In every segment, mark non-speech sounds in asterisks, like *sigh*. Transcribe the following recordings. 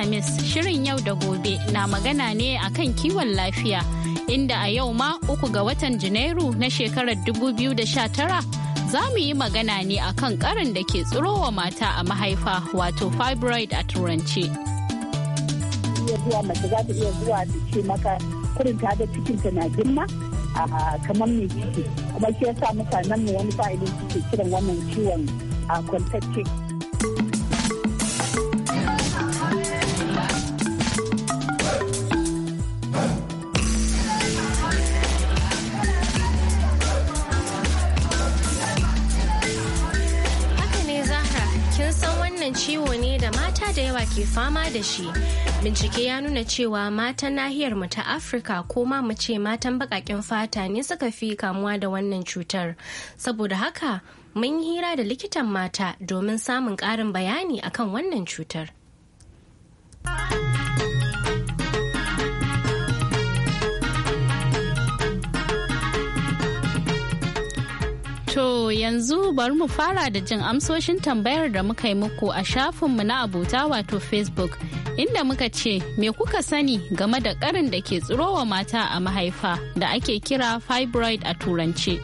Alhamis shirin yau da gobe na magana ne akan kiwon lafiya inda a yau ma uku ga watan Janairu na shekarar 2019 za mu yi magana ne akan karin da ke tsirowa mata a mahaifa wato fibroid a turance. mace za iya zuwa ce maka kudin ta cikinta girma kamar mai ciki kuma shi yasa mutanen mu wani fa'ilin suke kiran wannan ciwon a kwantacce ciwo ne da mata da yawa ke fama da shi. Bincike ya nuna cewa matan nahiyar mu ta Afirka ko ma mu ce matan baƙaƙen fata ne suka fi kamuwa da wannan cutar. Saboda haka mun yi hira da likitan mata domin samun ƙarin bayani akan wannan cutar. yanzu bari mu fara da jin amsoshin tambayar da muka yi muku a shafinmu na abota wato Facebook inda muka ce me kuka sani game da karin da ke tsirowa mata a mahaifa da ake kira fibroid a turance.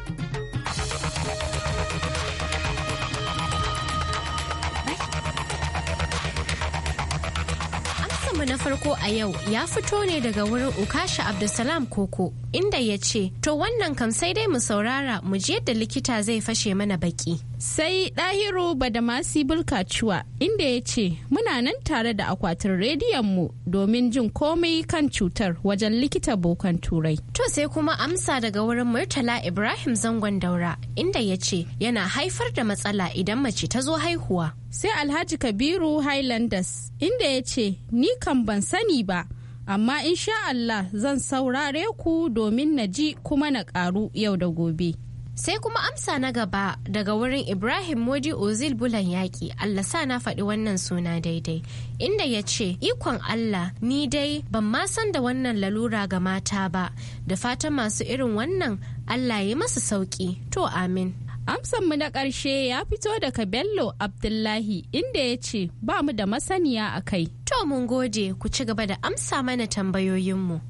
na farko a yau ya fito ne daga wurin Ukasha Abdulsalam Koko inda ya ce, To wannan kam sai dai mu saurara mu ji yadda likita zai fashe mana baki. sai ɗahiru badamasi bulkacuwa inda ya ce muna nan tare da akwatin rediyon mu domin jin komai kan cutar wajen likita bokan turai to sai kuma amsa daga wurin murtala ibrahim zangon daura inda ya ce yana haifar da matsala idan mace ta zo haihuwa sai alhaji kabiru highlanders inda ya ce ni kan ban sani ba amma insha Allah zan saurare ku domin na ji kuma na ƙaru yau da gobe. Sai kuma amsa na gaba daga wurin Ibrahim Modi Ozil Bulan yaƙi Allah sa na faɗi wannan suna daidai inda ya ce ikon Allah ni dai ban ma san da wannan lalura ga mata ba da fata masu irin wannan Allah ya masu sauki to amin. Amsanmu na ƙarshe ya fito daga Bello Abdullahi inda ya ce ba mu da masaniya a kai. To mun gode ku ci gaba da amsa mana tambayoyinmu.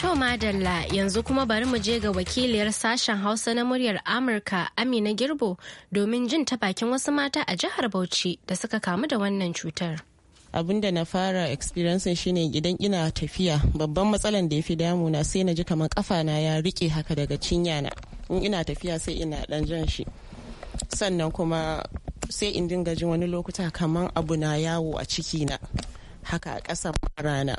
To Madalla yanzu kuma bari mu je ga wakiliyar sashen Hausa na muryar Amurka Amina Girbo domin jin ta bakin wasu mata a jihar Bauchi da suka kamu da wannan cutar. abin da na fara experiencing shine idan ina tafiya babban matsalan da ya fi damuna sai na ji kamar kafa na ya rike haka daga cinya na in ina tafiya sai ina dan jan shi sannan kuma sai in dinga jin wani lokuta kamar abu na yawo a ciki na haka a ƙasan rana.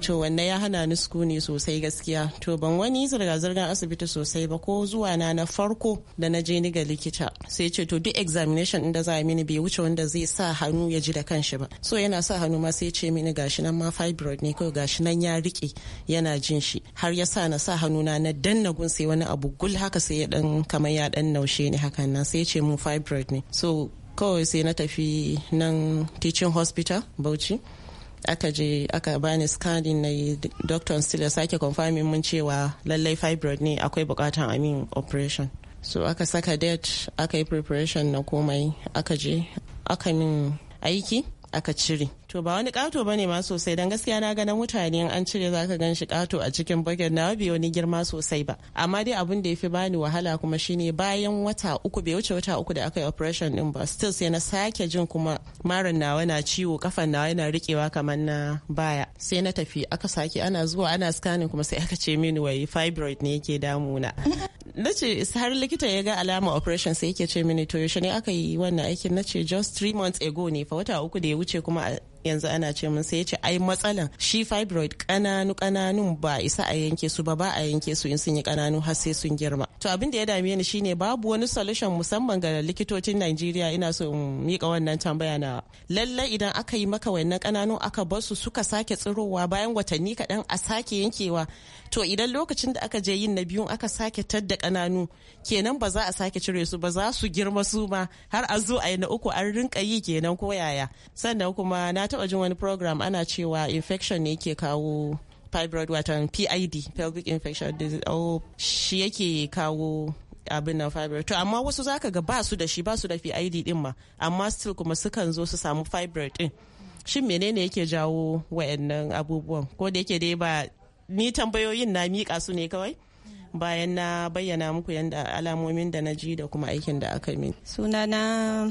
to wanne ya hana ni ne sosai gaskiya to ban wani zirga-zirgar asibiti sosai ba ko zuwa na na farko da na je ni ga likita sai ce to duk examination inda za a mini bai wuce wanda zai sa hannu ya ji da kanshi ba so yana sa hannu ma sai ce mini gashi nan ma fibroid ne kawai gashi nan ya rike yana jin shi har ya sa na sa hannu na na danna gun sai wani abu gul haka sai ya dan kamar ya dan naushe ni hakan nan sai ce mu fibroid ne so kawai sai na tafi nan teaching hospital bauchi aka je aka bani scanning na yi doctor still ya sake confirming mun cewa lallai fibroid ne akwai bukatan amin operation so aka saka date aka yi preparation na komai aka je aka min aiki aka cire to ba wani kato ba ne ma sosai don gaskiya na ganin mutane an cire za ka gan shi kato a cikin bagen na bai wani girma sosai ba amma dai abin da ya fi bani wahala kuma shine bayan wata uku bai wuce wata uku da aka yi operation din ba still sai na sake jin kuma marin nawa na ciwo kafan nawa yana rikewa kamar na baya sai na tafi aka sake ana zuwa ana scanning kuma sai aka ce mini wai fibroid ne yake damuna na ce har likita ya ga alama operation sai yake ce mini to yaushe ne aka yi wannan aikin na ce just three months ago ne fa wata uku da ya wuce kuma yanzu ana ce mun sai ya ce ai matsalan shi fibroid kananu kananun ba isa a yanke su ba ba a yanke su in sun yi kananu har sai sun girma to abin da ya dame ni shine babu wani solution musamman ga likitocin Najeriya ina so in mika wannan tambaya na lalle idan aka yi maka wannan kananu aka bar su suka sake tsirowa bayan watanni kaɗan a sake yankewa to idan lokacin da aka je yin na biyu aka sake tadda kananu kenan ba za a sake cire su ba za su girma su ma har a zo a yi na uku an rinka yi kenan ko yaya sannan kuma na taɓa jin wani program ana cewa infection ne ke kawo fibroid watan PID pelvic infection disease oh shi yake kawo abin nan fibroid to amma wasu zaka ga ba su da shi ba su da PID din ma amma still kuma sukan zo su samu fibroid din shin menene yake jawo wayannan abubuwan ko da yake dai ba ni tambayoyin na mika su ne kawai bayan na bayyana muku yanda alamomin da na ji da kuma aikin da aka min sunana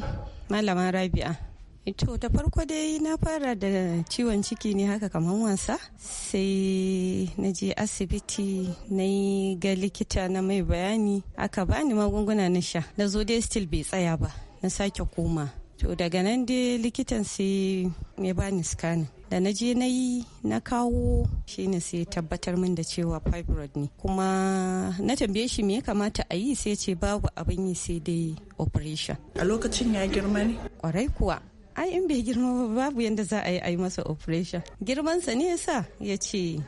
malaman rabi'a To ta farko dai na fara da ciwon ciki ne haka kamar wasa sai na je asibiti na yi ga likita na mai bayani aka bani magunguna na sha na zo dai still bai tsaya ba na sake koma to daga nan dai likitan sai ya bani scanning da na je na yi na kawo shine sai tabbatar min da cewa fibroid ne kuma na tambaye shi me ya kamata a yi sai ce babu abin yi sai dai operation a lokacin ya girma ne kwarai kuwa ai in bai girma ba babu yadda za a yi masa operation girmansa ne sa ya ce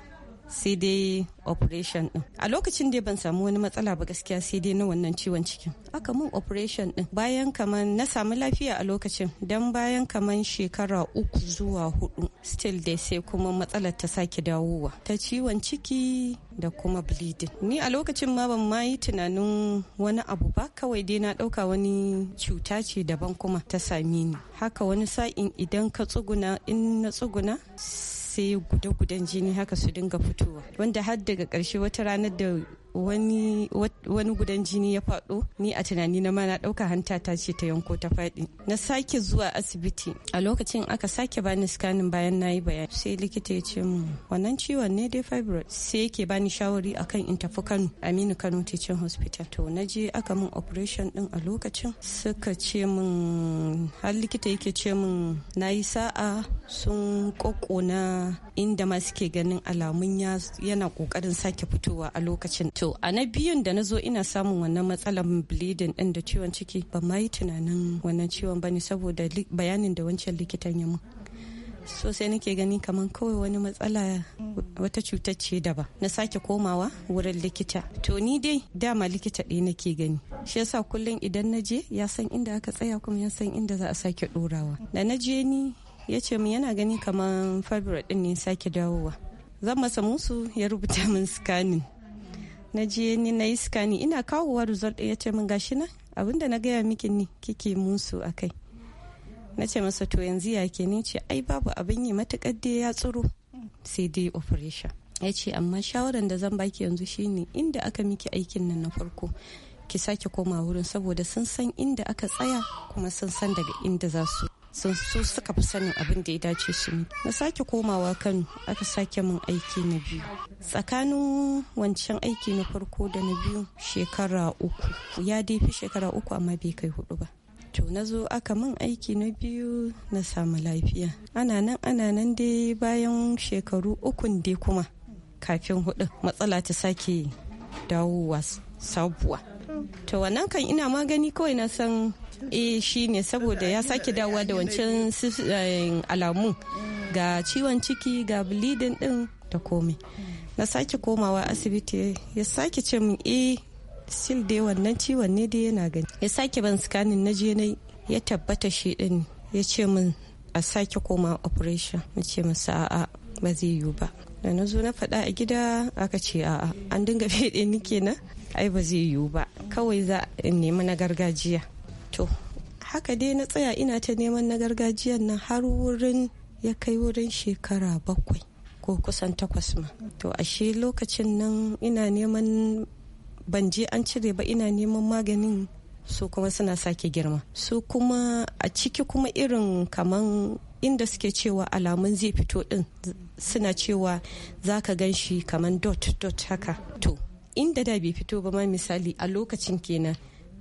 sai dai operation din a lokacin da ban samu wani matsala ba gaskiya sai dai na wannan ciwon cikin aka mun operation din bayan kaman na samu lafiya a lokacin dan bayan kaman shekara uku zuwa hudu still dai sai kuma matsalar ta sake dawowa ta ciwon ciki da kuma bleeding ni a lokacin ma ban ma yi tunanin wani abu ba kawai dai na dauka wani cuta ce daban kuma ta sami ni haka wani sa'in idan ka tsuguna in na tsuguna sai guda-gudan jini haka su dinga fitowa wanda har daga karshe wata ranar da wani gudan jini ya faɗo ni a tunani na mana ɗauka hanta ta ce ta yanko ta faɗi na sake zuwa asibiti a lokacin aka sake bani scanning bayan nayi yi bayani sai likita ya ce mu wannan ciwon ne dai fibroid sai yake bani shawari akan in tafi kano aminu kano teaching hospital to na je aka min operation din a lokacin suka ce min har likita yake ce min nayi sa'a sun kokona inda ma suke ganin alamun yana kokarin sake fitowa a lokacin to a na biyun da na zo ina samun wannan matsalar bleeding din da ciwon ciki ba ma yi tunanin wannan ciwon bane saboda bayanin da wancan likitan ya mun so sai nake gani kamar kawai wani matsala wata cutar ce ba na sake komawa wurin likita to ni dai dama likita ɗaya nake gani shi yasa kullum idan na je ya san inda aka tsaya kuma ya san inda za a sake ɗorawa da na je ni ya ce min yana gani kamar fibroid din ne sake dawowa zan masa musu ya rubuta min scanning na je ni na yi skani ina kawowa result ya ce min gashi nan abinda na gaya miki ni kike musu a kai na ce masa to yanzu ya ke ni ce ai babu abin yi matuƙar da ya tsiro sai dai operation ya ce amma shawaran da zan baki yanzu shine inda aka miki aikin nan na farko ki sake koma wurin saboda sun san inda aka tsaya kuma sun san daga inda za su Sun su suka fi sanin abin da ya dace su ne na sake komawa kano aka sake min aiki na biyu tsakanin wancan aiki na farko da na biyu shekara uku ya dai fi shekara uku amma bai kai hudu ba to na zo aka min aiki na biyu na samu lafiya ana nan ana nan dai bayan shekaru uku dai kuma kafin hudu matsala ta sake dawowa sabuwa to wannan kan ina magani kawai na san eh shi ne saboda ya sake dawowa da wancan eh, alamu ga ciwon ciki ga bleeding din da komai na sake komawa asibiti ya sake ce min eh sil dai wannan ciwon ne dai yana gani ya sake ban scanning na je Nai ya tabbata shi din ya ce min a sake koma operation na ce masa a'a ba zai yiwu ba da na zo na faɗa a gida aka ce a'a an dinga *laughs* fede ni kenan ai ba zai yiwu ba kawai za in nemi na gargajiya to haka dai na tsaya ina ta neman na gargajiyan nan har wurin ya kai wurin shekara bakwai ko kusan takwas ma to ashe lokacin nan ina neman ban je an cire ba ina neman maganin su kuma suna sake girma su kuma a ciki kuma irin kaman inda suke cewa alamun zai fito din suna cewa za ka gan shi kaman dot dot haka to inda da bai fito ba ma misali a lokacin kenan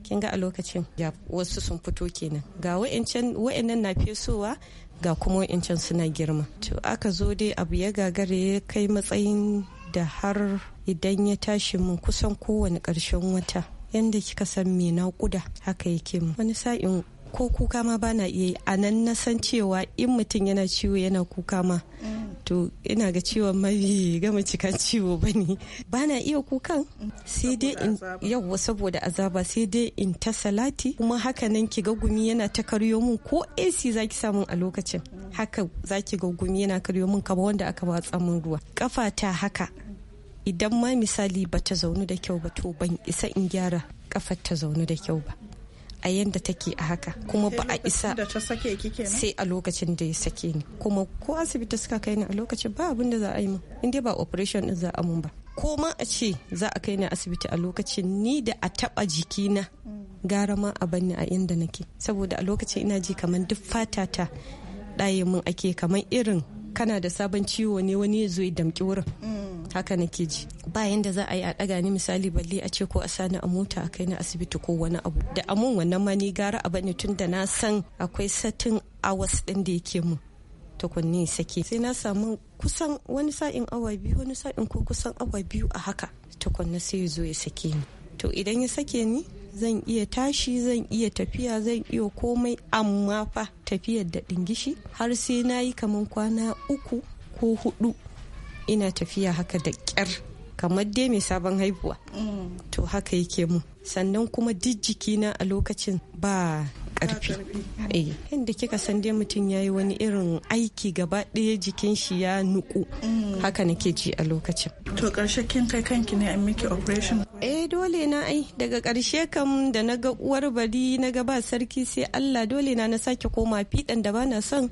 kin ga a lokacin wasu sun fito kenan ga wa'annan na fesowa ga kuma wa'ancan suna girma to aka zo dai abu ya gagare ya kai matsayin da har idan ya tashi mun kusan kowane ƙarshen wata yadda kika san me naƙuda haka yake mu wani sa'in ko kuka ma ba na iya a nan na san cewa in mutum yana ciwo yana kuka ma to ina ga ciwon mai gama cikan ciwo ba ne ba na iya kukan sai dai in yawwa saboda azaba sai dai in ta salati kuma haka nan ki ga gumi yana ta karyo mun ko AC zaki samu a lokacin haka zaki ga gumi yana karyo mun kamar wanda aka watsa mun ruwa kafa ta haka idan ma misali ba ta zaunu da kyau ba to ban isa in gyara kafar ta zaunu da kyau ba a yanda take a haka kuma ba a isa sai a lokacin da ya sake ni kuma ko asibiti suka kai ni a lokacin ba abin da za a yi min in dai ba operation din za a mun ba ko ma a ce za a kai ni asibiti a lokacin ni da a taba jikina gara ma a banni a inda nake saboda a lokacin ina ji kamar duk fata ta ɗaye mun ake kamar irin kana da sabon ciwo ne wani ya zo ya damki wurin mm. haka nake ji ba yanda za a yi a daga ni misali balle a ce ko a sani a mota a kai na asibiti ko wani abu da amun wannan ma ni gara a bane tun da na san akwai satin hours din da yake mu tukunni sake sai na samu kusan wani sa'in awa biyu wani sa'in ko kusan awa biyu a haka tukunni sai ya zo ya sake ni to idan ya sake ni zan iya tashi zan iya tafiya zan iya komai amma fa tafiyar da dingishi har sai na yi kaman kwana uku ko hudu ina tafiya haka da ƙyar kamar dai mai sabon haihuwa mm. to haka yake mu sannan kuma duk jikina a lokacin ba karfi Inda eh, yadda kika san dai mutum ya yi wani irin aiki gaba ɗaya jikin shi ya nuku mm. haka nake ji a lokacin to karshe kin kai kanki ne an miki operation eh dole na ai daga karshe kam da na ga uwar bari na ga ba sarki sai Allah dole na na sake koma fiɗan da bana son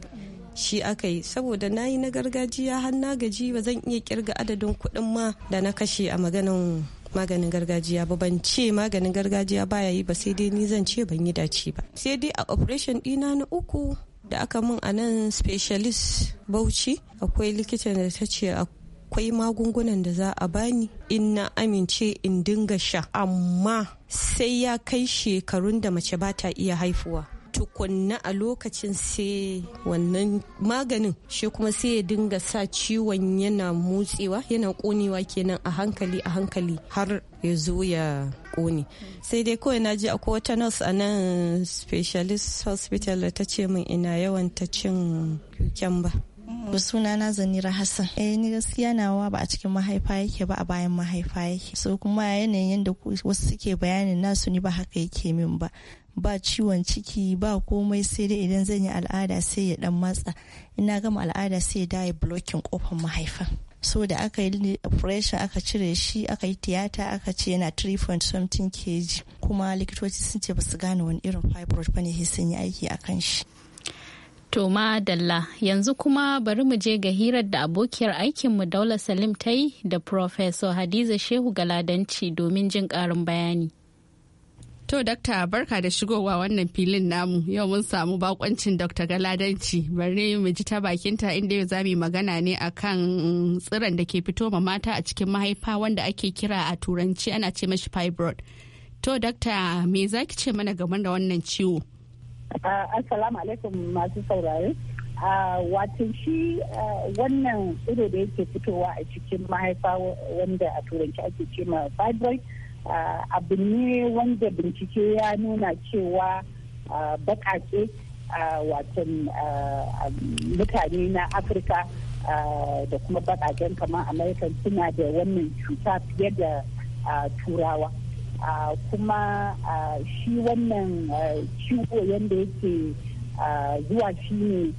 shi aka yi saboda na yi na gargajiya har na gaji ba zan iya kirga adadin kuɗin ma da na kashe a maganin maganin gargajiya ba ban ce maganin gargajiya baya yi ba sai dai ni zan ce ban yi dace ba sai dai a operation dina na uku da aka mun a nan specialist bauchi akwai likitan da ta ce akwai magungunan da za a bani in na amince in dinga sha amma sai ya kai shekarun da mace ba ta iya haifuwa tukunna a lokacin sai wannan maganin shi kuma sai ya dinga sa ciwon yana motsewa yana konewa kenan a hankali a hankali har ya zo ya kone sai dai kawai naji akwai wata nurse a nan specialist hospital da ta ce min ina yawan ta cin cucumber ba mm. suna na zanira hassan eh ni gaskiya nawa ba a cikin mahaifa yake ba a bayan mahaifa yake so kuma yanayin yadda wasu suke bayanin nasu ni ba haka yake min ba ba ciwon ciki ba komai sai dai idan zan yi al'ada sai ya dan matsa ina gama al'ada sai ya dawo blokin kofar mahaifa so da aka yi operation aka cire shi aka yi tiyata aka ce yana 3.17 kg kuma likitoci sun ce ba su gane wani irin fibroid ba ne sun yi aiki a kan shi To Dalla yanzu kuma bari mu je ga hirar da abokiyar aikinmu Daula Salim ta yi da Professor Hadiza Shehu Galadanci domin jin karin bayani. To, Dokta, barka da shigowa wannan filin namu. Yau mun samu bakoncin Dokta Galadanci. Bari mu ji ta bakinta inda yau zamu magana ne akan tsiron da ke fito ma mata a cikin mahaifa wanda ake kira a turanci ana ce mashi fibroid. To, Dokta, me za ki ce mana game da wannan ciwo? Ah, assalamu alaikum masu saurari ah, Wato shi ah, wannan tsiro da yake fitowa a cikin mahaifa wanda a turanci ake ce fibroid. abu ne wanda bincike ya nuna cewa bakake watan mutane na afirka da kuma bakaken kamar amurka suna da wannan cuta fiye da turawa kuma shi wannan ciwo yadda yake zuwa shi ne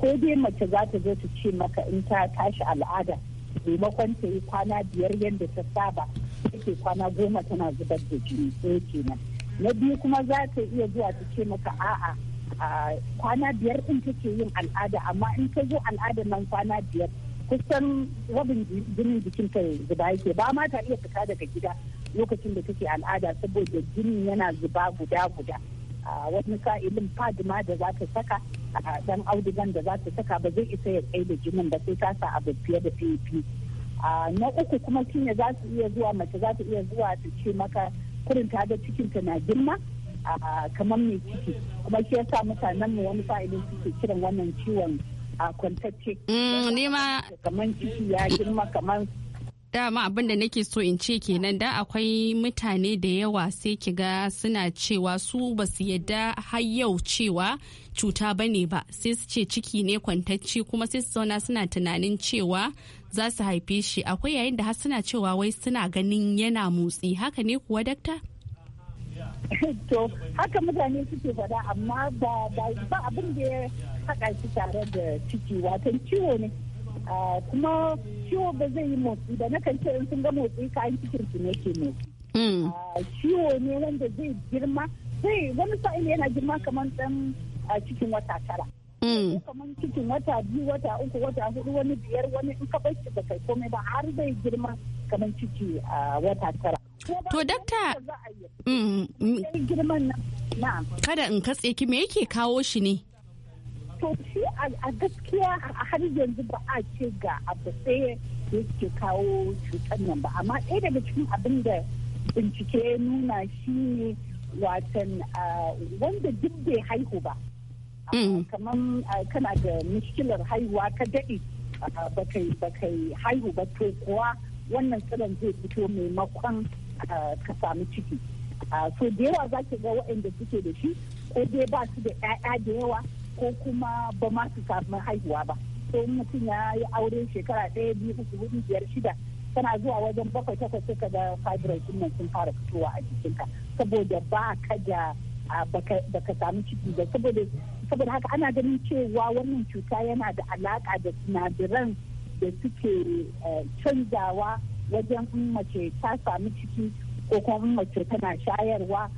ko dai mace za ta zo ta ce maka in ta tashi al'ada maimakon ta yi kwana biyar yadda ta saba take kwana goma tana zubar da jini ko kenan na biyu kuma za ta iya zuwa ta ce maka a'a kwana biyar ɗin take yin al'ada amma in ta zo al'ada nan kwana biyar kusan rabin jinin jikin ta zuba yake ba ma ta iya fita daga gida lokacin da take al'ada saboda jinin yana zuba guda guda wani sa'ilin fadima da za ta saka dan audigan da za ta saka ba zai isa ya tsaye da jinin ba sai ta sa abu fiye da fiye na uku kuma kinya za su iya zuwa mace za ta iya zuwa ta ce maka kurin ta cikin cikinta na girma kamar mai ciki kuma shi yasa mutanen mu wani fa'idin suke kiran wannan ciwon a kwantacce mm, nima kamar ciki ya girma kamar dama abin nake so in ce kenan da akwai mutane da yawa sai ki ga suna cewa su ba su yadda har yau cewa cuta bane ba sai su ce ciki ne kwantacce kuma sai su zauna suna tunanin cewa za su haife shi akwai yayin da har suna cewa wai suna ganin yana motsi haka ne kuwa dakta? *laughs* to haka mutane suke faɗa amma ba ba abin da ya haɗa shi tare da ciki watan ciwo ne kuma ciwo ba zai yi motsi ba na kan in sun ga motsi kayan cikin su ne ke hmm. ciwo ne wanda zai girma zai wani sa'in yana girma kamar dan cikin wata tara Mm. kamar cikin wata biyu wata uku wata hudu wani biyar wani in ka bar da kai komai ba har zai girma kamar ciki a wata tara to dakta mm, mm. girman nan kada in katse ki me yake kawo shi ne to shi a gaskiya har yanzu ba a ce ga abu tsaye da yake kawo cutar nan ba amma ɗaya daga cikin abin da bincike nuna shi ne watan ah, wanda duk bai haihu ba Mm. kamar ah, kana da mishkilar haihuwa ka daɗi ah, ba haihu ba to kuwa wannan tsiron zai fito maimakon ah, ka samu ciki so da yawa za ki ga waɗanda suke da shi ko dai ba su da 'ya'ya da yawa ko kuma ba ma su samu haihuwa ba so mutum ya yi aure shekara ɗaya biyu uku hudu biyar shida tana zuwa wajen bakwai takwas suka da fibroids nan sun fara fitowa a jikinka saboda ba ka da baka samu ciki ba saboda saboda haka ana ganin cewa wannan cuta yana da alaka da sinadiran da suke eh, canzawa wajen in mace ta samu ciki ko kuma in mace tana shayarwa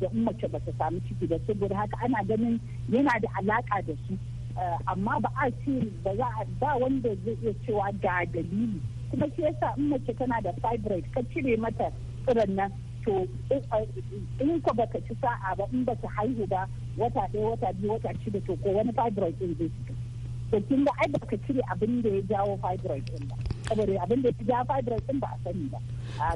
da in mace ba ta samu ciki da saboda haka ana ganin yana da alaka da su eh, amma ba a ce ba za a ba wanda zai iya cewa ga dalili kuma shi yasa in mace tana da fibroid ka cire mata tsiran nan to in ko baka ci sa'a ba in baka haihu ba wata ɗaya wata biyu wata shida to ko wani fibroid din zai fito to kin ga ai baka cire abin da ya jawo fibroid din ba saboda abin da ya jawo fibroid din ba a sani ba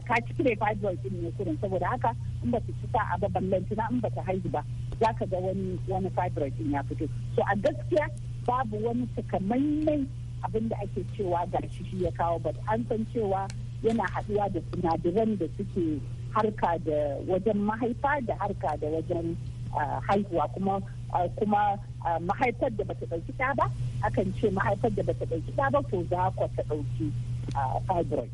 ka cire fibroid din ne kurin saboda haka in ba ci sa'a ba ballantana in baka haihu ba za ka ga wani wani fibroid din ya fito so a gaskiya babu wani takamaiman abin da ake cewa gashi shi ya kawo ba an san cewa yana haɗuwa da sinadaran da suke harka da wajen mahaifa da harka da wajen ah, haihuwa kuma ah, kuma ah, mahaifar da bata ɗauki ta ba akan ce mahaifar da bata ɗauki ta ba to za ku ta ɗauki fibroid.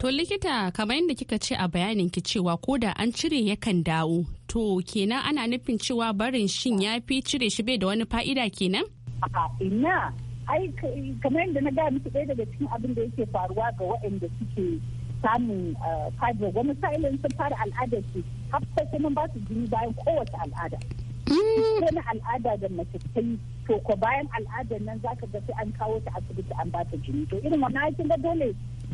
To likita kamar yadda kika ce a bayanin ki cewa ko da an cire yakan dawo to kenan ana nufin cewa barin shin ya fi cire shi bai da wani fa'ida kenan? ina ai kamar yadda na gaya miki ɗaya daga cikin abin da yake faruwa ga waɗanda suke samun eh, fadi wani sa'ilin sun fara al'ada ce har sai mun ba su jini bayan kowace al'ada wani al'ada da mace ta yi to ko bayan al'adar nan zaka ga sai an kawo ta asibiti an ba ta jini to irin wannan aikin da dole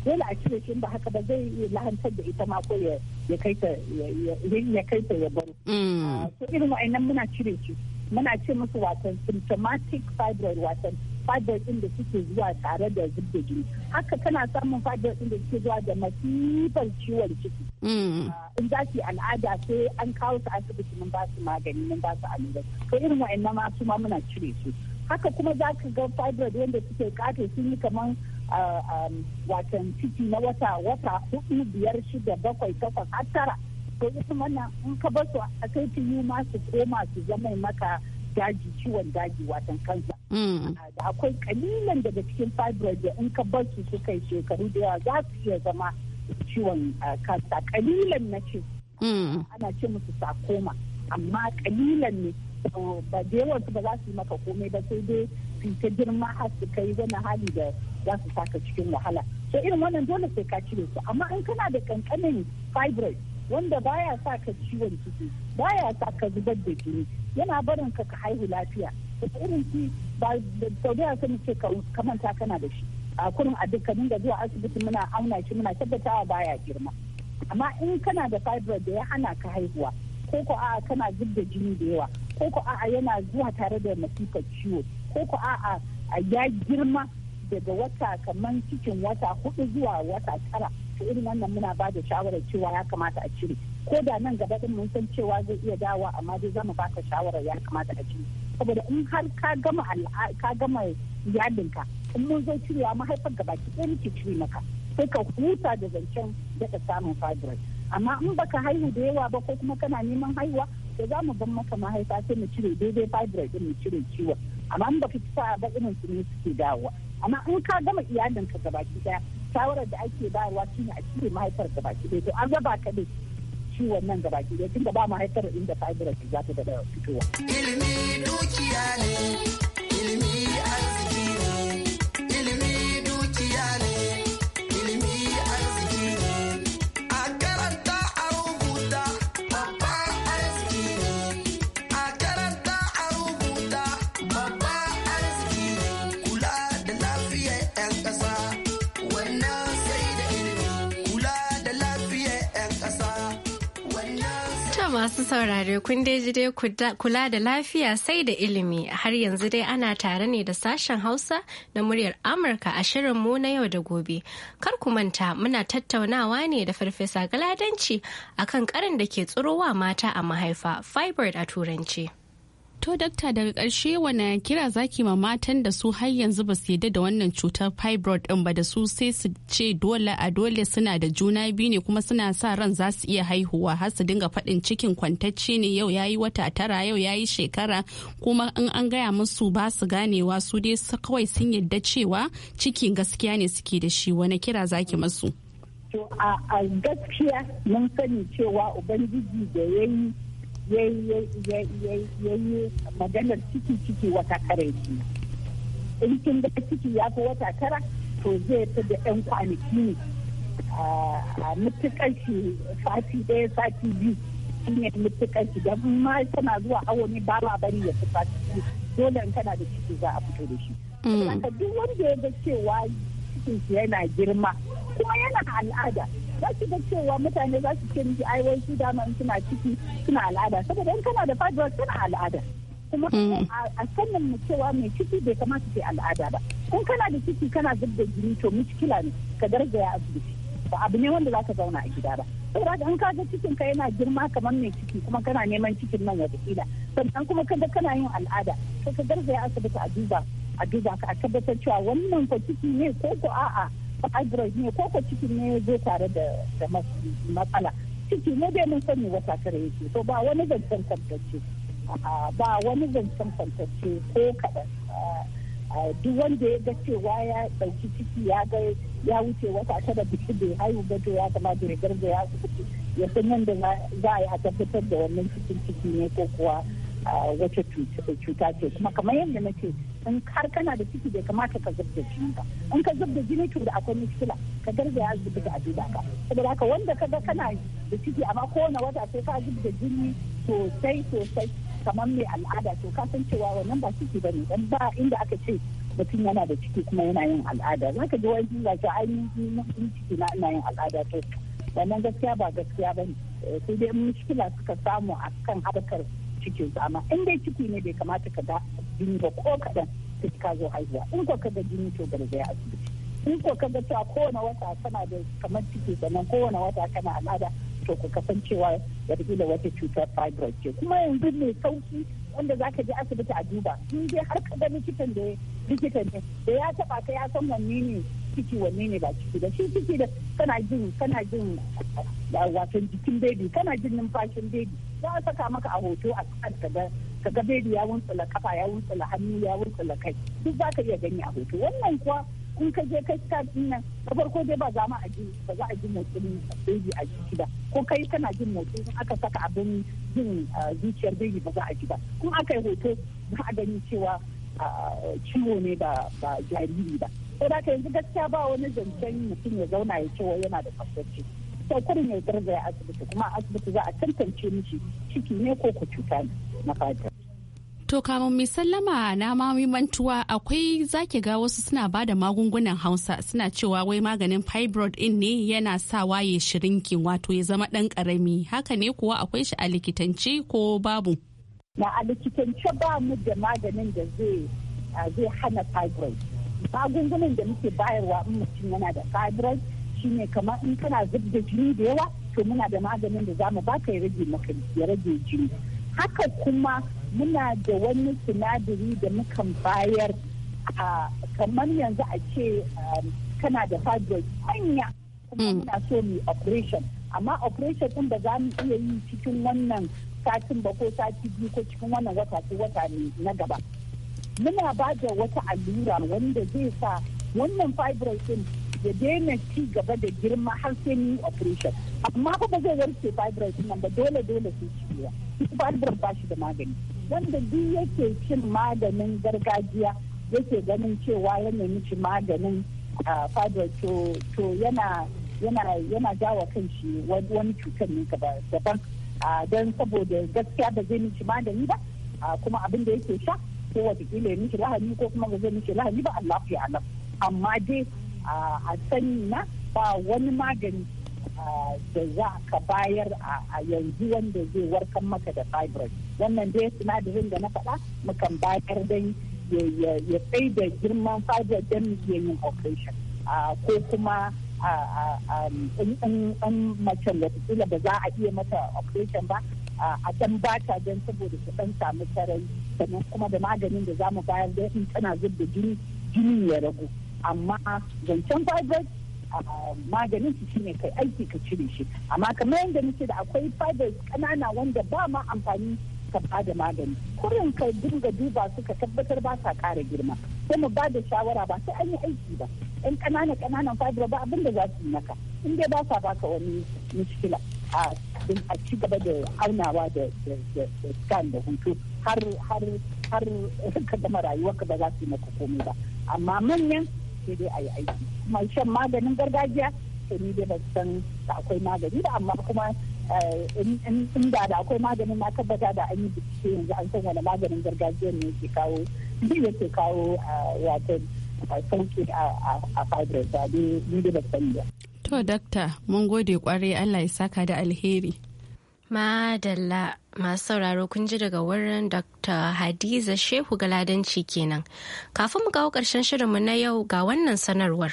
dole a cire shi ba haka ba zai lahantar da ita ma ko ya kai ta ya kai ta ya baro mm. ah, to irin wa'annan muna cire shi muna ce musu wasan symptomatic fibroid watan fadar din da suke zuwa tare da zubda jini haka tana samun fadar din da suke zuwa da masifar ciwon ciki mm. ah, in za su al'ada sai an kawo su asibiti mun ba su magani mun ba su allura to irin wa'annan ma su ma muna cire su haka kuma za ka ga fibroid wanda suke kato sun yi kamar ah, ah, watan ciki na wata wata hudu biyar shida bakwai takwas har tara to ita mana in ka basu a kai ma su koma su zama maka daji ciwon daji watan kansa mm. ah, da akwai kalilan daga cikin fibroid da in ka bar su suka yi shekaru da yawa za su iya zama ciwon ah, kansa kalilan na ce mm. ana ce musu sakoma amma kalilan ne ba da yawan ba za su yi maka komai ba sai dai su ta girma har su kai wani hali da za su saka cikin wahala so irin wannan dole sai ka cire su amma in kana da kankanin fibroid wanda baya sa ka ciwon ciki baya sa ka zubar da jini yana barin ka ka haihu lafiya da irin ki ba da saudiya sun ce ka manta kana da shi a kurin a dukkanin dinga zuwa asibiti muna auna shi muna tabbatawa baya girma amma in kana da fibroid da ya hana ka haihuwa ko ko a'a kana zub da jini da yawa ko ko a'a yana zuwa tare da masifar ciwo ko ko a'a ya girma daga wata kamar cikin wata hudu zuwa wata tara ta irin wannan muna ba da shawarar cewa ya kamata a cire ko da nan gaba din mun san cewa zai iya dawa amma dai zamu baka shawara ya kamata a ci saboda in har ka gama ka gama yadinka in mun zo cirewa mahaifar gaba ki ɗaya muke cire maka sai ka huta da zancen ka samun fibroid amma in baka haihu da yawa ba ko kuma kana neman haihuwa da za mu ban maka mahaifa sai mu cire daidai fibroid din mu cire ciwo amma in baka ci sa'a ba irin su ne suke dawowa amma in ka gama iyalinka gabaki daya shawarar da ake bayarwa shine a cire mahaifar gabaki daya to an gaba ka dai ciwon nan gaba ki tun da ba mahaifar inda fibroid za ta daɗa fitowa. Ilimi dukiya ne. masu saurare kun dai dai kula da lafiya sai da ilimi har yanzu dai ana tare ne da sashen Hausa na muryar Amurka a shirin mu na yau da gobe. Kar ku manta muna tattaunawa ne da farfesa galadanci akan karin da ke tsurowa mata a mahaifa fibroid a turanci. To dakta daga ƙarshe wane kira zaki ma matan da su har yanzu ba su yadda da wannan cutar fibroid ɗin ba da su sai su ce dole a dole suna da juna biyu ne kuma suna sa ran za su iya haihuwa har su dinga faɗin cikin kwantacce ne yau yayi wata tara yau yayi shekara kuma in an gaya musu ba su ganewa su dai kawai sun yadda cewa cikin gaskiya ne suke da shi wane kira zaki masu. To a gaskiya mun sani cewa ubangiji da yayi ya maganar ciki ciki wata kare in kin ga ciki ya fi wata tara to zai fi da yan kwanaki ne a mutukar shi sati sati biyu shi ne mutukar shi don ma tana zuwa awoni ba ma bari ya fi sati dole in kana da ciki za a fito da shi. Mm. Duk wanda ya ga cewa cikin shi yana girma kuma yana al'ada za su ga cewa mutane za su ce miki ai wai su dama suna ciki suna al'ada saboda in kana da fibroid suna al'ada kuma mm. a sannan mu cewa mai ciki bai kamata ke al'ada ba in kana da ciki kana zub da jini to mushkila ne ka gargaya asibiti ba abu ne wanda za ka zauna a gida ba saboda in ka ga cikin ka yana girma kamar mai ciki kuma kana neman cikin nan kila sannan kuma kada kana yin al'ada to ka gargaya asibiti a duba a duba ka a tabbatar cewa wannan ko ciki ne ko ko a'a fibroid ne ko ko ciki ne ya zo tare da matsala ciki ne dai mun sani wata kare yake to ba wani zancen kwantacce ba wani zancen kwantacce ko kaɗan duk wanda ya ga cewa ya ɗauki ciki ya ga ya wuce wata tara biki bai haihu ba to ya da rigar da ya ya san yadda za a yi a tabbatar da wannan cikin ciki ne ko kuwa wata cuta ce kuma kamar yadda na in har kana da ciki bai kamata ka zubda jini ba in ka zubda jini to da akwai muskila ka ya zubda da duba ka saboda haka wanda ka ga kana da ciki amma kowane wata sai ka zubda jini sosai sosai kamar mai al'ada to ka san cewa wannan ba ciki bane dan ba inda aka ce mutum yana da ciki kuma yana yin al'ada zaka ji wani ba ta mun ciki na ina yin al'ada to wannan gaskiya ba gaskiya bane eh, sai dai muskila suka samu a kan harkar cikin zama in dai ciki ne bai kamata ka jini ba ko kaɗan sai ka zo haihuwa in ko ka ga jini to garzaya asibiti in ko ka ga cewa kowane wata kana da kamar ciki sannan kowane wata kana al'ada to ku kasancewa wataƙila wata cutar fibroid ce kuma yanzu mai sauki wanda za ka je asibiti a duba in dai har ka ga likitan da likitan ne da ya taɓa ka ya san wanne ne ciki wanne ne ba ciki da shi ciki da kana jin kana jin wato jikin baby kana jin numfashin baby za a saka maka a hoto a kan ka ka ga beri ya wuntsula kafa ya wuntsula hannu ya wuntsula kai duk za ka iya gani a hoto wannan kuwa in ka je kai ka nan da farko dai ba za mu a ba za a ji motsin beri a jiki ba ko kai kana jin motsin in aka saka abin jin zuciyar beri ba za a ji ba kuma aka yi hoto za a gani cewa ciwo ne ba jariri ba. Sai da yanzu gaskiya ba wani zancen mutum ya zauna ya cewa yana da tsaftace. sai mai ya asibiti kuma asibiti za a tantance mishi ciki ne ko ku cuta ne na fata. To kamun mai sallama na mami mantuwa akwai zaki ga wasu suna ba da magungunan Hausa suna cewa wai maganin fibroid in ne yana sa waye shirinkin wato ya zama ɗan karami haka ne kuwa akwai shi a likitance ko babu. Na a likitance ba mu da maganin da zai hana fibroid. Magungunan da muke bayarwa in mutum yana da fibroid ne kamar in kana zub da jini da yawa to muna da maganin da zamu baka ya rage maka ya rage jini haka kuma muna da wani sinadari da mukan bayar a kamar yanzu a ce kana da fibroid manya kuma mm. muna so mu operation amma operation din da za mu iya yi cikin wannan satin ba ko sati biyu ko cikin wannan wata ko wata ne na gaba muna ba da wata allura wanda zai sa wannan fibroid din ya daina ci gaba da girma har sai ni operation amma ba ba zai warke fibroid nan ba dole dole sai ba fibroid ba shi da magani wanda duk yake cin maganin gargajiya yake ganin cewa ya nemi ci maganin fibroid to yana yana yana jawo kan shi wani cutar ne gaba daban don saboda gaskiya ba zai mishi magani ba kuma abin da yake sha ko wata ya mishi lahani ko kuma ba zai mishi lahani ba Allah ya alam amma dai a sani na ba wani magani da za ka bayar a yanzu wanda zai warkar maka da fibroid wannan dai sinadarin da na faɗa mukan bayar dan ya tsaye da girman fibroid don ya yin operation ko kuma an macen watakila ba za a iya mata operation ba a ba ta don saboda ta ɗan samu sarari sannan kuma da maganin da za mu bayar don in tana zub da jini ya ragu amma zancen fibroid ah, maganin su shine kai aiki ka cire shi amma kamar yadda muke da akwai fibroid kanana wanda ba ma amfani ka ba da magani kurin ka dinga duba su ka tabbatar ba sa ƙara girma sai mu ba da shawara ba sai an yi aiki ba yan kanana kananan fibroid ba abin da za su yi maka in dai ba sa ba ka wani mishkila a a ci gaba da aunawa da scan da hutu har har har *laughs* ka gama rayuwarka ba za su yi maka komai ba amma manyan sai dai a yi aiki mai shan maganin gargajiya to ni dai ban san da akwai magani da amma kuma eh, in da da akwai maganin na tabbata da an yi bincike yanzu an san wani maganin gargajiya ne ke kawo zai yake kawo eh, wato eh, sauki a fadar da ni dai ban san ba. To dakta mun gode kwarai Allah ya saka da alheri. Madalla masu sauraro kun ji daga wurin dr hadiza shehu galadanci kenan kafin mu kawo ƙarshen shirinmu na yau ga wannan sanarwar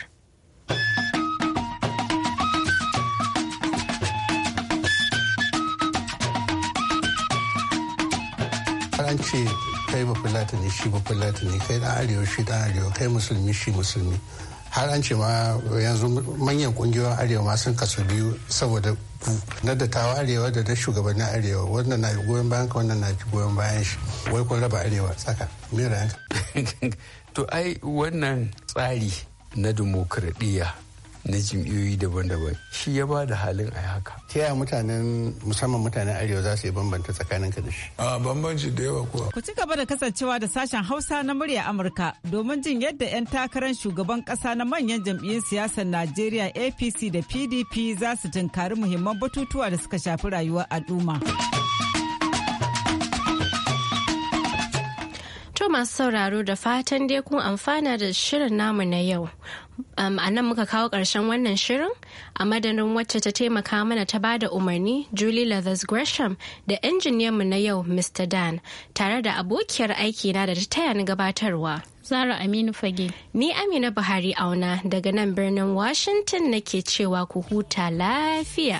ce kai ba shi ba kai da arewa shi da arewa kai musulmi shi musulmi har an ce ma yanzu manyan kungiyoyin arewa ma sun kasu biyu saboda ku na dattawa arewa da na shugabannin arewa wannan na goyon bayan ka wannan na goyon bayan shi wai kun raba arewa tsaka mera yanka. *laughs* to ai wannan tsari na dimokuraɗiyya na jam'iyyoyi daban-daban shi ya ba da halin a haka. ta yaya mutanen musamman mutanen arewa za su yi bambanta tsakanin ka da shi. a bambanci da yawa kuwa. ku ci gaba da kasancewa da sashen hausa na murya amurka domin jin yadda 'yan takarar shugaban kasa na manyan jam'iyyun siyasar najeriya apc da pdp za su tunkari muhimman batutuwa da suka shafi rayuwar al'umma. masu sauraro da fatan dai kun amfana da shirin namu na yau. Um, a nan muka kawo ƙarshen wannan shirin a madadin wacce ta taimaka mana ta ba da umarni Julie Leathers Gresham da injiniyanmu na yau Mr. Dan tare da abokiyar aikina da ta taya ni gabatarwa. Zara Aminu Fage. Ni Amina Buhari auna daga nan birnin Washington nake cewa ku huta lafiya.